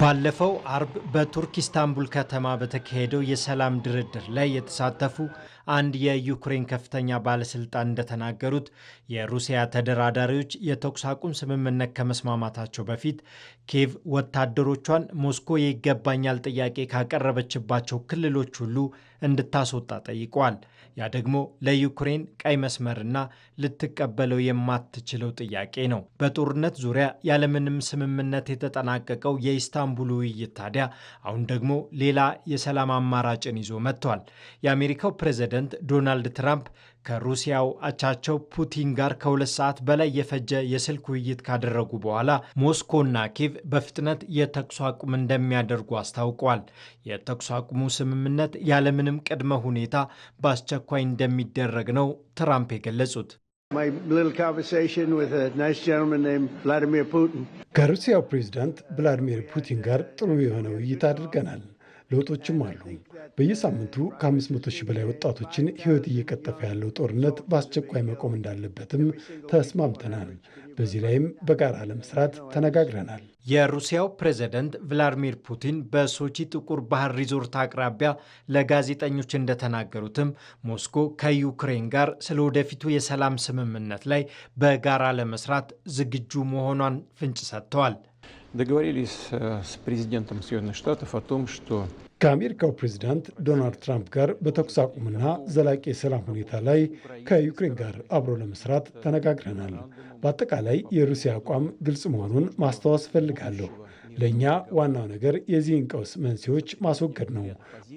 ባለፈው አርብ በቱርክ ኢስታንቡል ከተማ በተካሄደው የሰላም ድርድር ላይ የተሳተፉ አንድ የዩክሬን ከፍተኛ ባለስልጣን እንደተናገሩት የሩሲያ ተደራዳሪዎች የተኩስ አቁም ስምምነት ከመስማማታቸው በፊት ኬቭ ወታደሮቿን ሞስኮ የይገባኛል ጥያቄ ካቀረበችባቸው ክልሎች ሁሉ እንድታስወጣ ጠይቋል። ያ ደግሞ ለዩክሬን ቀይ መስመርና ልትቀበለው የማትችለው ጥያቄ ነው። በጦርነት ዙሪያ ያለምንም ስምምነት የተጠናቀቀው የኢስታንቡል ውይይት ታዲያ አሁን ደግሞ ሌላ የሰላም አማራጭን ይዞ መጥቷል። የአሜሪካው ፕሬዝደንት ዶናልድ ትራምፕ ከሩሲያው አቻቸው ፑቲን ጋር ከሁለት ሰዓት በላይ የፈጀ የስልክ ውይይት ካደረጉ በኋላ ሞስኮና ኪቭ በፍጥነት የተኩስ አቁም እንደሚያደርጉ አስታውቋል። የተኩስ አቁሙ ስምምነት ያለምንም ቅድመ ሁኔታ በአስቸኳይ እንደሚደረግ ነው ትራምፕ የገለጹት። ከሩሲያው ፕሬዝዳንት ቭላዲሚር ፑቲን ጋር ጥሩ የሆነ ውይይት አድርገናል። ለውጦችም አሉ። በየሳምንቱ ከ500 ሺህ በላይ ወጣቶችን ሕይወት እየቀጠፈ ያለው ጦርነት በአስቸኳይ መቆም እንዳለበትም ተስማምተናል። በዚህ ላይም በጋራ ለመስራት ተነጋግረናል። የሩሲያው ፕሬዝደንት ቭላዲሚር ፑቲን በሶቺ ጥቁር ባህር ሪዞርት አቅራቢያ ለጋዜጠኞች እንደተናገሩትም ሞስኮ ከዩክሬን ጋር ስለ ወደፊቱ የሰላም ስምምነት ላይ በጋራ ለመስራት ዝግጁ መሆኗን ፍንጭ ሰጥተዋል። договорились э, с президентом Соединенных Штатов о том, что ከአሜሪካው ፕሬዚዳንት ዶናልድ ትራምፕ ጋር በተኩስ አቁምና ዘላቂ የሰላም ሁኔታ ላይ ከዩክሬን ጋር አብሮ ለመስራት ተነጋግረናል። በአጠቃላይ የሩሲያ አቋም ግልጽ መሆኑን ማስታወስ እፈልጋለሁ። ለእኛ ዋናው ነገር የዚህን ቀውስ መንስኤዎች ማስወገድ ነው።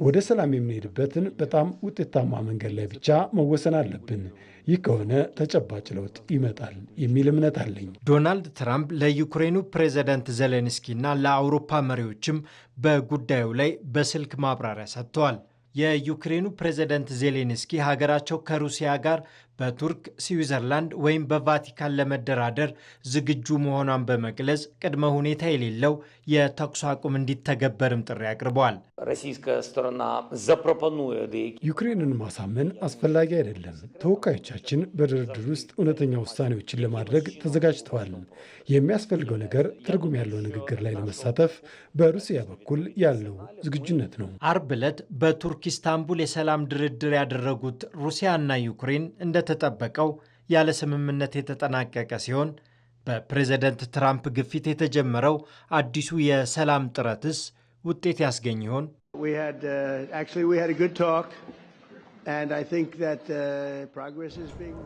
ወደ ሰላም የምንሄድበትን በጣም ውጤታማ መንገድ ላይ ብቻ መወሰን አለብን። ይህ ከሆነ ተጨባጭ ለውጥ ይመጣል የሚል እምነት አለኝ። ዶናልድ ትራምፕ ለዩክሬኑ ፕሬዚዳንት ዜሌንስኪና ለአውሮፓ መሪዎችም በጉዳዩ ላይ በስልክ ማብራሪያ ሰጥተዋል። የዩክሬኑ ፕሬዚደንት ዜሌንስኪ ሀገራቸው ከሩሲያ ጋር በቱርክ ስዊዘርላንድ ወይም በቫቲካን ለመደራደር ዝግጁ መሆኗን በመግለጽ ቅድመ ሁኔታ የሌለው የተኩስ አቁም እንዲተገበርም ጥሪ አቅርበዋል። ዩክሬንን ማሳመን አስፈላጊ አይደለም። ተወካዮቻችን በድርድር ውስጥ እውነተኛ ውሳኔዎችን ለማድረግ ተዘጋጅተዋል። የሚያስፈልገው ነገር ትርጉም ያለው ንግግር ላይ ለመሳተፍ በሩሲያ በኩል ያለው ዝግጁነት ነው። አርብ ዕለት በቱርክ ኢስታንቡል የሰላም ድርድር ያደረጉት ሩሲያና ዩክሬን እንደ እንደተጠበቀው ያለ ስምምነት የተጠናቀቀ ሲሆን በፕሬዝደንት ትራምፕ ግፊት የተጀመረው አዲሱ የሰላም ጥረትስ ውጤት ያስገኝ ይሆን?